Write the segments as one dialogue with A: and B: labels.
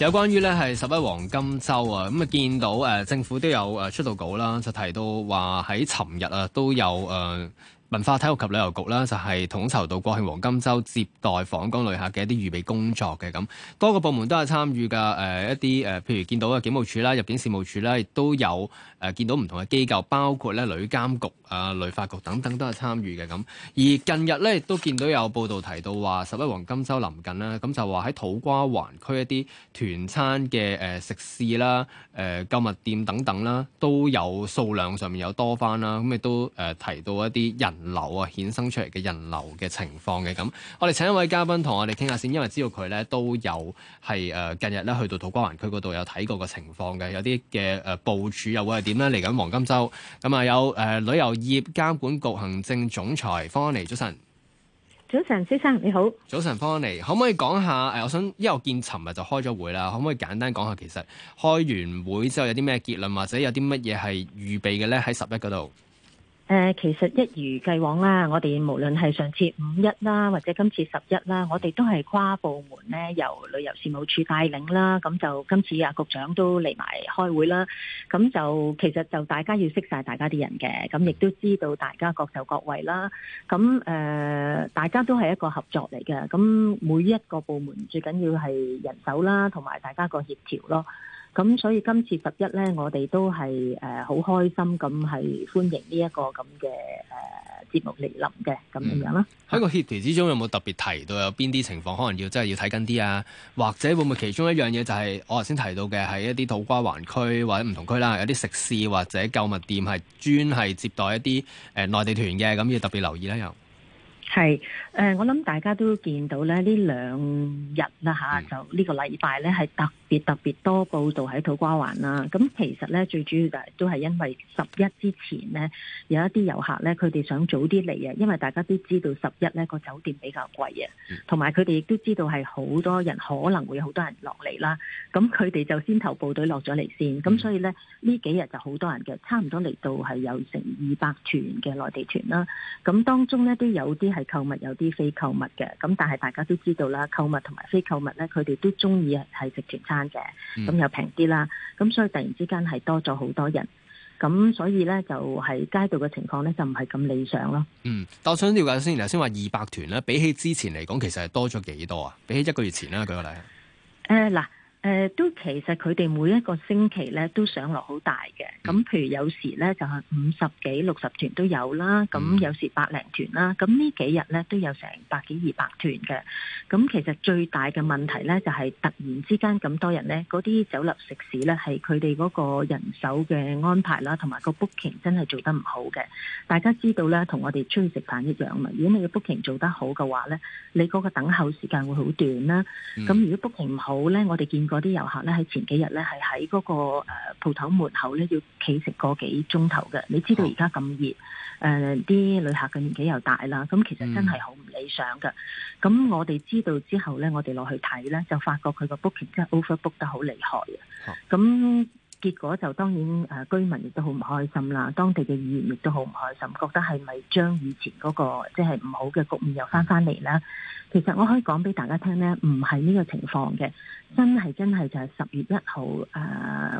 A: 有關於呢係十一黃金周啊，咁啊見到誒政府都有誒出到稿啦，就提到話喺尋日啊都有誒。呃文化體育及旅遊局啦，就係統籌到國慶黃金週接待訪港旅客嘅一啲預備工作嘅咁，多、嗰個部門都係參與嘅。誒一啲誒，譬如見到嘅警務處啦、入境事務處啦，亦都有誒見到唔同嘅機構，包括咧旅監局、啊旅發局等等都係參與嘅咁。而近日咧亦都見到有報道提到話十一黃金週臨近啦，咁就話喺土瓜灣區一啲團餐嘅誒食肆啦、誒、呃、購物店等等啦，都有數量上面有多返啦，咁亦都誒、呃、提到一啲人流啊，衍生出嚟嘅人流嘅情況嘅，咁我哋請一位嘉賓同我哋傾下先，因為知道佢呢都有係誒近日呢去到土瓜灣區嗰度有睇過個情況嘅，有啲嘅誒部署又會係點呢？嚟緊黃金周，咁啊有誒、呃、旅遊業監管局行政總裁方安妮早晨，
B: 早晨先生
A: 你好，早晨方安妮，可唔可以講下誒、哎？我想因為我見尋日就開咗會啦，可唔可以簡單講下其實開完會之後有啲咩結論，或者有啲乜嘢係預備嘅呢？喺十一嗰度。
B: 誒、呃，其實一如既往啦，我哋無論係上次五一啦，或者今次十一啦，我哋都係跨部門咧，由旅遊事務處帶領啦，咁就今次阿、啊、局長都嚟埋開會啦，咁就其實就大家要識晒大家啲人嘅，咁亦都知道大家各就各位啦，咁誒、呃，大家都係一個合作嚟嘅，咁每一個部門最緊要係人手啦，同埋大家個協調咯。咁所以今次十一呢，我哋都係誒好開心咁，係歡迎呢一個咁嘅誒節目嚟臨嘅咁樣樣啦。
A: 喺個協調之中，有冇特別提到有邊啲情況可能要真係要睇緊啲啊？或者會唔會其中一樣嘢就係我頭先提到嘅，係一啲土瓜灣區或者唔同區啦，有啲食肆或者購物店係專係接待一啲誒內地團嘅，咁要特別留意啦。又係
B: 誒，我諗大家都見到咧，呢兩日啦吓，就呢個禮拜咧係特。嗯嗯特別多報道喺土瓜灣啦，咁其實咧最主要就都係因為十一之前咧有一啲遊客咧，佢哋想早啲嚟啊，因為大家都知道十一咧個酒店比較貴啊，同埋佢哋亦都知道係好多人可能會好多人落嚟啦，咁佢哋就先頭部隊落咗嚟先，咁所以咧呢幾日就好多人嘅，差唔多嚟到係有成二百團嘅內地團啦，咁當中咧都有啲係購物，有啲非購物嘅，咁但係大家都知道啦，購物同埋非購物咧，佢哋都中意係食團餐。嘅，咁又平啲啦，咁、嗯、所以突然之間係多咗好多人，咁所以咧就喺街道嘅情況咧就唔係咁理想咯。嗯，
A: 但我想了解先，頭先話二百團咧，比起之前嚟講，其實係多咗幾多啊？比起一個月前、呃、啦，舉個例。
B: 誒，嗱。誒都其實佢哋每一個星期咧都上落好大嘅，咁譬如有時咧就係五十幾六十團都有啦，咁有時百零團啦，咁呢幾日咧都有成百幾二百團嘅。咁其實最大嘅問題咧就係突然之間咁多人咧，嗰啲酒樓食肆咧係佢哋嗰個人手嘅安排啦，同埋個 booking 真係做得唔好嘅。大家知道咧，同我哋出去食飯一樣啊，如果你嘅 booking 做得好嘅話咧，你嗰個等候時間會好短啦。咁如果 booking 唔好咧，我哋見嗰啲遊客咧喺前幾日咧係喺嗰個誒鋪頭門口咧要企成個幾鐘頭嘅，你知道而家咁熱，誒啲旅客嘅年紀又大啦，咁其實真係好唔理想嘅。咁我哋知道之後咧，我哋落去睇咧，就發覺佢個 booking 真係 over book 得好厲害嘅。咁、嗯結果就當然，誒、呃、居民亦都好唔開心啦，當地嘅議員亦都好唔開心，覺得係咪將以前嗰、那個即係唔好嘅局面又翻翻嚟咧？其實我可以講俾大家聽呢，唔係呢個情況嘅，真係真係就係十月一號誒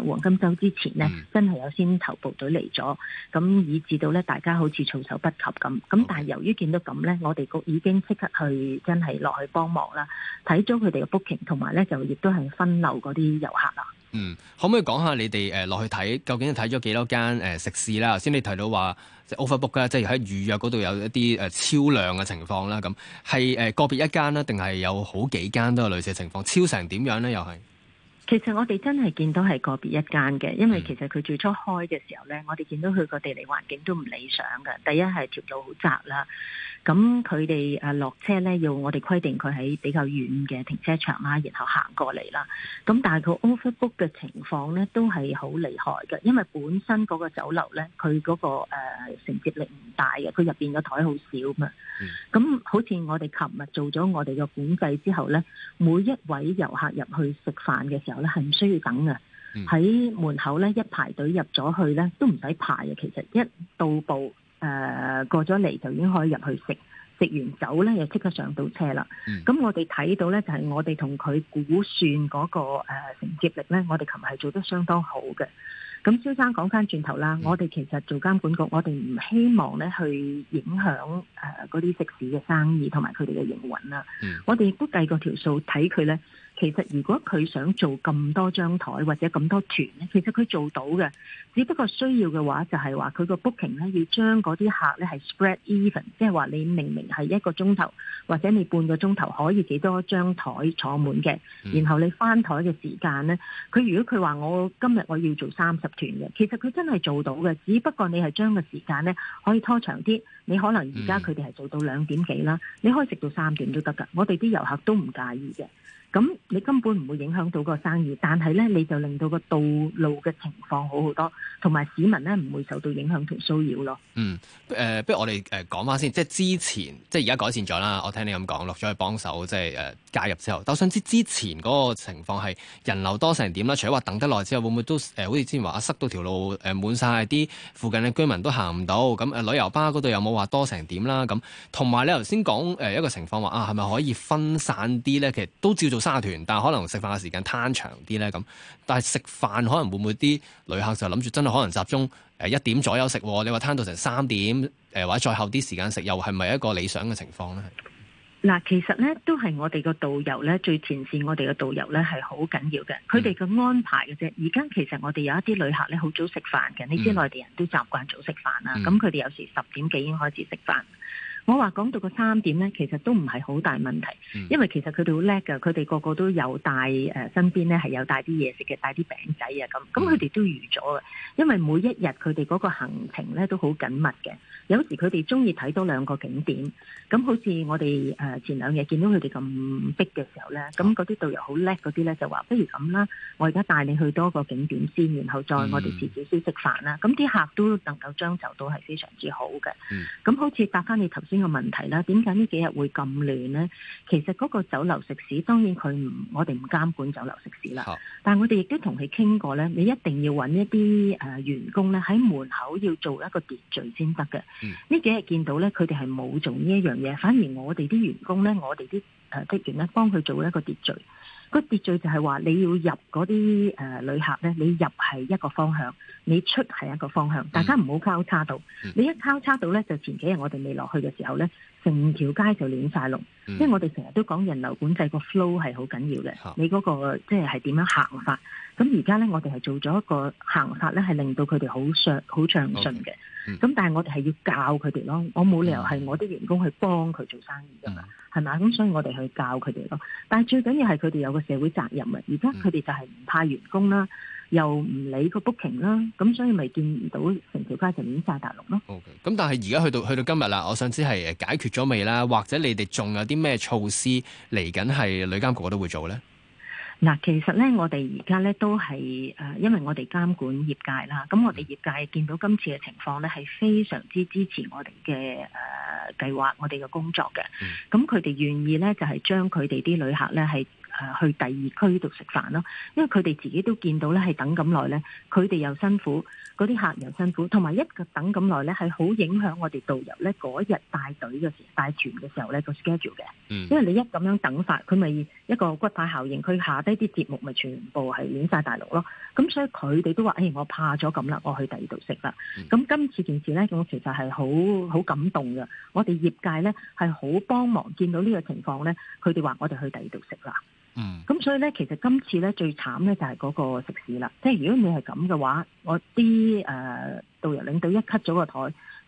B: 黃金周之前呢，真係有先頭部隊嚟咗，咁以至到咧大家好似措手不及咁。咁但係由於見到咁呢，我哋局已經即刻去真係落去幫忙啦，睇咗佢哋嘅 booking，同埋咧就亦都係分流嗰啲遊客啦。
A: 嗯，可唔可以講下你哋誒落去睇，究竟睇咗幾多間誒、呃、食肆啦？頭先你提到話，即係 overbook 啦，即係喺預約嗰度有一啲誒、呃、超量嘅情況啦。咁係誒個別一間啦，定係有好幾間都有類似嘅情況？超成點樣咧？又係？
B: 其實我哋真係見到係個別一間嘅，因為其實佢最初開嘅時候呢，我哋見到佢個地理環境都唔理想嘅。第一係條路好窄啦，咁佢哋誒落車呢，要我哋規定佢喺比較遠嘅停車場啦，然後行過嚟啦。咁但係佢 overbook 嘅情況呢，都係好厲害嘅，因為本身嗰個酒樓呢，佢嗰個誒、呃、承接力唔大嘅，佢入邊嘅台好少嘛。咁好似我哋琴日做咗我哋嘅管制之後呢，每一位遊客入去食飯嘅時候。咧係唔需要等嘅，喺、嗯、門口咧一排隊入咗去咧都唔使排嘅。其實一到步誒、呃、過咗嚟就已經可以入去食，食完走咧又即刻上到車啦。咁、嗯、我哋睇到咧就係我哋同佢估算嗰、那個誒承接力咧，我哋琴日係做得相當好嘅。咁蕭生講翻轉頭啦，嗯、我哋其實做監管局，我哋唔希望咧去影響誒嗰啲食肆嘅生意同埋佢哋嘅營運啦。嗯、我哋亦都計過條數睇佢咧。其實如果佢想做咁多張台或者咁多團咧，其實佢做到嘅，只不過需要嘅話就係話佢個 booking 咧要將嗰啲客咧係 spread even，即係話你明明係一個鐘頭或者你半個鐘頭可以幾多張台坐滿嘅，然後你翻台嘅時間呢，佢如果佢話我今日我要做三十團嘅，其實佢真係做到嘅，只不過你係將個時間呢可以拖長啲，你可能而家佢哋係做到兩點幾啦，你可以食到三點都得噶，我哋啲遊客都唔介意嘅。咁你根本唔會影響到個生意，但係咧你就令到個道路嘅情況好好多，同埋市民咧唔會受到影響同騷擾
A: 咯。嗯，誒、呃，不如我哋誒講返先，即係之前，即係而家改善咗啦。我聽你咁講落咗去幫手，即係誒介入之後，但我想知之前嗰個情況係人流多成點啦？除咗話等得耐之後，會唔會都誒？好、呃、似之前話塞到條路誒、呃、滿晒啲附近嘅居民都行唔到，咁、嗯、誒、呃、旅遊巴嗰度有冇話多成點啦？咁同埋你頭先講誒一個情況話啊，係咪可以分散啲咧？其實都照做。沙團，但係可能食飯嘅時間攤長啲咧咁，但係食飯可能會唔會啲旅客就諗住真係可能集中誒一點左右食，你話攤到成三點誒或者再後啲時間食，又係咪一個理想嘅情況咧？
B: 嗱，其實咧都係我哋個導遊咧最前線，我哋嘅導遊咧係好緊要嘅，佢哋嘅安排嘅啫。而家其實我哋有一啲旅客咧好早食飯嘅，你知、嗯、內地人都習慣早食飯啦，咁佢哋有時十點幾已經開始食飯。我話講到個三點咧，其實都唔係好大問題，嗯、因為其實佢哋好叻㗎，佢哋個個都有帶誒身邊咧係有帶啲嘢食嘅，帶啲餅仔啊咁，咁佢哋都預咗嘅，因為每一日佢哋嗰個行程咧都好緊密嘅，有時佢哋鍾意睇多兩個景點，咁好似我哋誒前兩日見到佢哋咁逼嘅時候咧，咁嗰啲導遊好叻嗰啲咧就話不如咁啦，我而家帶你去多個景點先，然後再我哋自己先食飯啦，咁啲、嗯、客都能夠將就到係非常之好嘅，咁、嗯嗯、好似答翻你頭先。呢個問題啦，點解呢幾日會咁亂呢？其實嗰個酒樓食肆，當然佢唔，我哋唔監管酒樓食肆啦。但係我哋亦都同佢傾過呢，你一定要揾一啲誒員工呢喺門口要做一個秩序先得嘅。呢幾日見到呢，佢哋係冇做呢一樣嘢，反而我哋啲員工呢，我哋啲誒職員呢，幫佢做一個秩序。個秩序就係話，你要入嗰啲誒旅客咧，你入係一個方向，你出係一個方向，大家唔好交叉到。嗯、你一交叉到咧，就前幾日我哋未落去嘅時候咧，成條街就亂晒龍、嗯。因為我哋成日都講人流管制個 flow、嗯那個 flow 係好緊要嘅，你嗰個即係係點樣行法？咁而家咧，我哋係做咗一個行法咧，係令到佢哋好上好上進嘅。咁、嗯嗯、但係我哋係要教佢哋咯，我冇理由係我啲員工去幫佢做生意㗎嘛。嗯嗯係嘛？咁、嗯、所以我哋去教佢哋咯。但係最緊要係佢哋有個社會責任啊！而家佢哋就係唔派員工啦，又唔理個 booking 啦、嗯，咁所以咪見唔到成條街上面曬大陸咯。OK。
A: 咁但係而家去到去到今日啦，我想知係解決咗未啦？或者你哋仲有啲咩措施嚟緊係旅監局都會做咧？
B: 嗱，其實咧，我哋而家咧都係誒，因為我哋監管業界啦，咁我哋業界見到今次嘅情況咧，係非常之支持我哋嘅誒計劃，我哋嘅工作嘅。咁佢哋願意咧，就係將佢哋啲旅客咧係，誒，去第二區度食飯咯，因為佢哋自己都見到咧，係等咁耐咧，佢哋又辛苦，嗰啲客人又辛苦，同埋一個等咁耐咧係好影響我哋導遊咧嗰日帶隊嘅時帶團嘅時候咧個 schedule 嘅，因為你一咁樣等法，佢咪一個骨牌效應，佢下低啲節目咪全部係亂晒大籠咯。咁所以佢哋都話：誒、欸，我怕咗咁啦，我去第二度食啦。咁今次件事咧，我其實係好好感動嘅。我哋業界咧係好幫忙，見到呢個情況咧，佢哋話我哋去第二度食啦。嗯，咁所以咧，其實今次咧最慘咧就係嗰個食肆啦。即係如果你係咁嘅話，我啲誒、呃、導遊領隊一 cut 咗個台，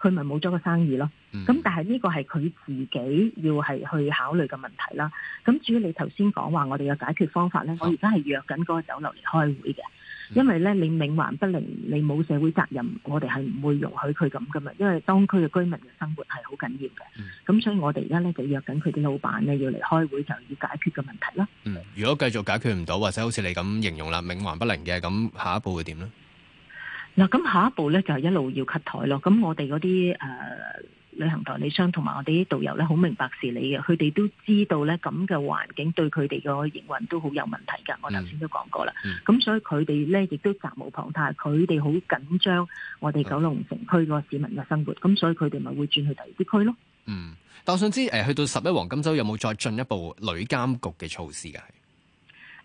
B: 佢咪冇咗個生意咯。咁、嗯、但係呢個係佢自己要係去考慮嘅問題啦。咁至於你頭先講話我哋嘅解決方法咧，哦、我而家係約緊嗰個酒樓嚟開會嘅。因為咧你冥頑不靈，你冇社會責任，我哋係唔會容許佢咁噶嘛。因為當區嘅居民嘅生活係好緊要嘅，咁、嗯、所以我哋而家咧就約緊佢啲老闆咧要嚟開會，就要解決個問題啦。嗯，
A: 如果繼續解決唔到，或者好似你咁形容啦，冥頑不靈嘅，咁下一步會點咧？
B: 嗱，咁下一步咧就係一路要 cut 台咯。咁我哋嗰啲誒。呃旅行代理商同埋我哋啲導遊咧，好明白事理嘅，佢哋都知道咧咁嘅環境對佢哋個營運都好有問題噶。嗯、我頭先都講過啦，咁、嗯、所以佢哋咧亦都責無旁貸，佢哋好緊張我哋九龍城區嗰個市民嘅生活，咁、嗯、所以佢哋咪會轉去第二啲區咯。嗯，
A: 但我想知誒、呃，去到十一黃金周有冇再進一步旅監局嘅措施嘅？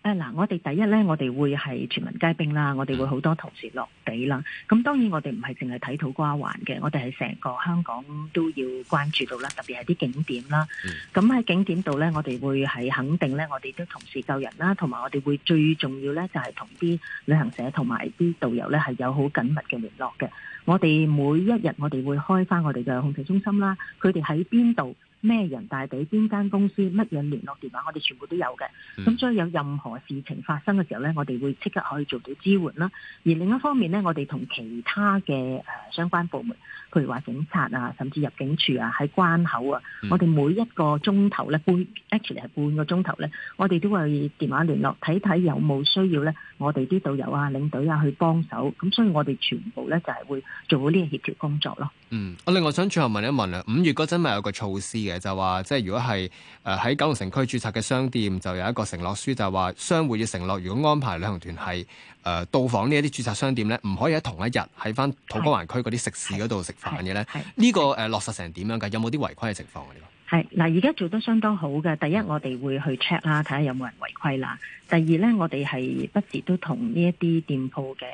B: 誒嗱，我哋第一咧，我哋會係全民皆兵啦，我哋會好多同事落地啦。咁當然我哋唔係淨係睇土瓜灣嘅，我哋係成個香港都要關注到啦，特別係啲景點啦。咁喺景點度咧，我哋會係肯定咧，我哋都同事救人啦，同埋我哋會最重要咧，就係同啲旅行社同埋啲導遊咧係有好緊密嘅聯絡嘅。我哋每一日我哋會開返我哋嘅控制中心啦，佢哋喺邊度咩人大地，大抵邊間公司乜嘢聯絡電話，我哋全部都有嘅。咁所以有任何事情發生嘅時候呢，我哋會即刻可以做到支援啦。而另一方面呢，我哋同其他嘅、誒、呃、相關部門。譬如話警察啊，甚至入境處啊，喺關口啊，嗯、我哋每一個鐘頭咧，半 actually 係半個鐘頭咧，我哋都會電話聯絡，睇睇有冇需要咧，我哋啲導遊啊、領隊啊去幫手，咁所以我哋全部咧就係、是、會做好呢個協調工作咯。
A: 嗯，我另外想最後問一問啊，五月嗰陣咪有個措施嘅，就話即係如果係誒喺九龍城區註冊嘅商店，就有一個承諾書，就話、是、商戶要承諾，如果安排旅行團係誒、呃、到訪呢一啲註冊商店咧，唔可以喺同一日喺翻土瓜灣區嗰啲食肆嗰度食飯嘅咧，呢、呢個誒、呃、落實成點樣嘅？有冇啲違規嘅情況呢、呢個？
B: 係嗱，而家做得相當好嘅。第一，我哋會去 check 啦，睇下有冇人違規啦。第二呢，我哋係不時都同呢一啲店鋪嘅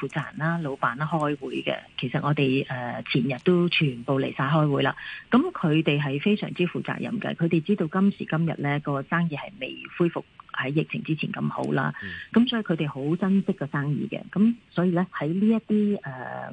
B: 誒負責人啦、老闆啦開會嘅。其實我哋誒、呃、前日都全部嚟晒開會啦。咁佢哋係非常之負責任嘅，佢哋知道今時今日呢個生意係未恢復。喺疫情之前咁好啦，咁、嗯、所以佢哋好珍惜個生意嘅，咁所以咧喺呢一啲誒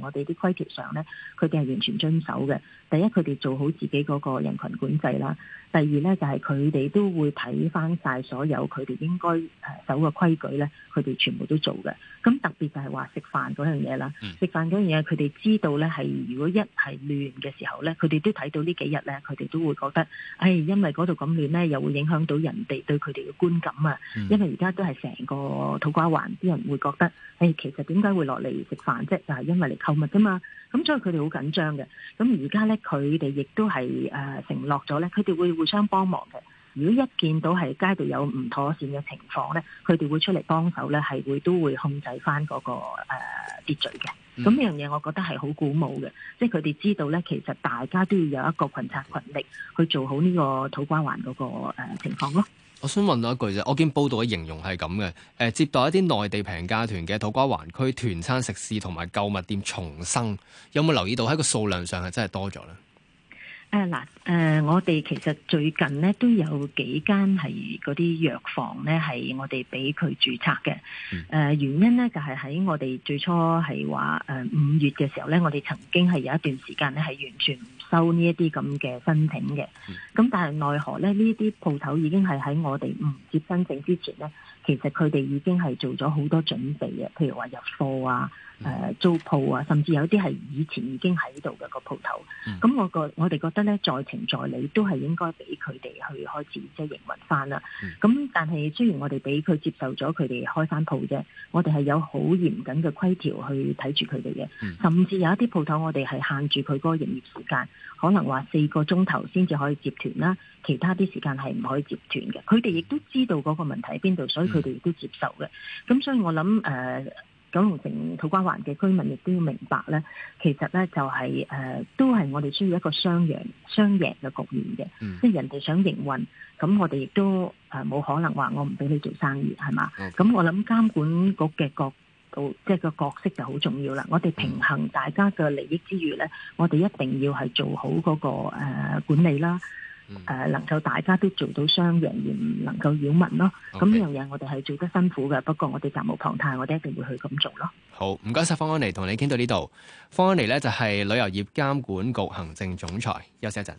B: 我哋啲規條上咧，佢哋係完全遵守嘅。第一，佢哋做好自己嗰個人群管制啦，第二咧就係佢哋都會睇翻晒所有佢哋應該誒守嘅規矩咧，佢哋全部都做嘅。咁特別就係話食飯嗰樣嘢啦，嗯、食飯嗰樣嘢佢哋知道咧係如果一係亂嘅時候咧，佢哋都睇到呢幾日咧，佢哋都會覺得，誒，因為嗰度咁亂咧，又會影響到人哋對佢哋嘅觀感。嗯、因為而家都係成個土瓜灣，啲人會覺得，誒、欸，其實點解會落嚟食飯啫？就係、是、因為嚟購物㗎嘛。咁所以佢哋好緊張嘅。咁而家咧，佢哋亦都係誒承諾咗咧，佢哋會互相幫忙嘅。如果一見到係街度有唔妥善嘅情況咧，佢哋會出嚟幫手咧，係會都會控制翻、那、嗰個誒、呃、秩序嘅。咁呢、嗯、樣嘢，我覺得係好鼓舞嘅。即係佢哋知道咧，其實大家都要有一個群策群力去做好呢個土瓜灣嗰、那個誒、呃、情況咯。
A: 我想問到一句啫，我見報道嘅形容係咁嘅，誒、呃、接待一啲內地平價團嘅土瓜灣區團餐食肆同埋購物店重生，有冇留意到喺個數量上係真係多咗呢？
B: 啊嗱，誒、呃，我哋其實最近咧都有幾間係嗰啲藥房咧，係我哋俾佢註冊嘅。誒、嗯呃，原因咧就係喺我哋最初係話誒五月嘅時候咧，我哋曾經係有一段時間咧係完全唔收呢一啲咁嘅申請嘅。咁、嗯、但係奈何咧，呢啲鋪頭已經係喺我哋唔接申請之前咧。其實佢哋已經係做咗好多準備嘅，譬如話入貨啊、誒、呃、租鋪啊，甚至有啲係以前已經喺度嘅個鋪頭。咁 我個我哋覺得咧，在情在理都係應該俾佢哋去開始即係營運翻啦。咁 但係雖然我哋俾佢接受咗，佢哋開翻鋪啫，我哋係有好嚴謹嘅規條去睇住佢哋嘅，甚至有一啲鋪頭我哋係限住佢嗰個營業時間，可能話四個鐘頭先至可以接團啦，其他啲時間係唔可以接團嘅。佢哋亦都知道嗰個問題喺邊度，所以。佢哋亦都接受嘅，咁所以我諗，誒、呃，九龍城土瓜灣嘅居民亦都要明白咧，其實咧就係、是、誒、呃，都係我哋需要一個雙贏、雙贏嘅局面嘅，即係、嗯、人哋想營運，咁我哋亦都誒冇、呃、可能話我唔俾你做生意，係嘛？咁 Okay. 我諗監管局嘅角度，即係個角色就好重要啦。我哋平衡大家嘅利益之餘咧，嗯、我哋一定要係做好嗰、那個誒、呃、管理啦。誒，嗯、能夠大家都做到雙贏，而唔能夠擾民咯。咁呢 Okay. 樣嘢我哋係做得辛苦嘅，不過我哋責無旁貸，我哋一定會去咁做咯。
A: 好，唔該晒方安妮，同你傾到呢度。方安妮呢就係旅遊業監管局行政總裁，休息一陣。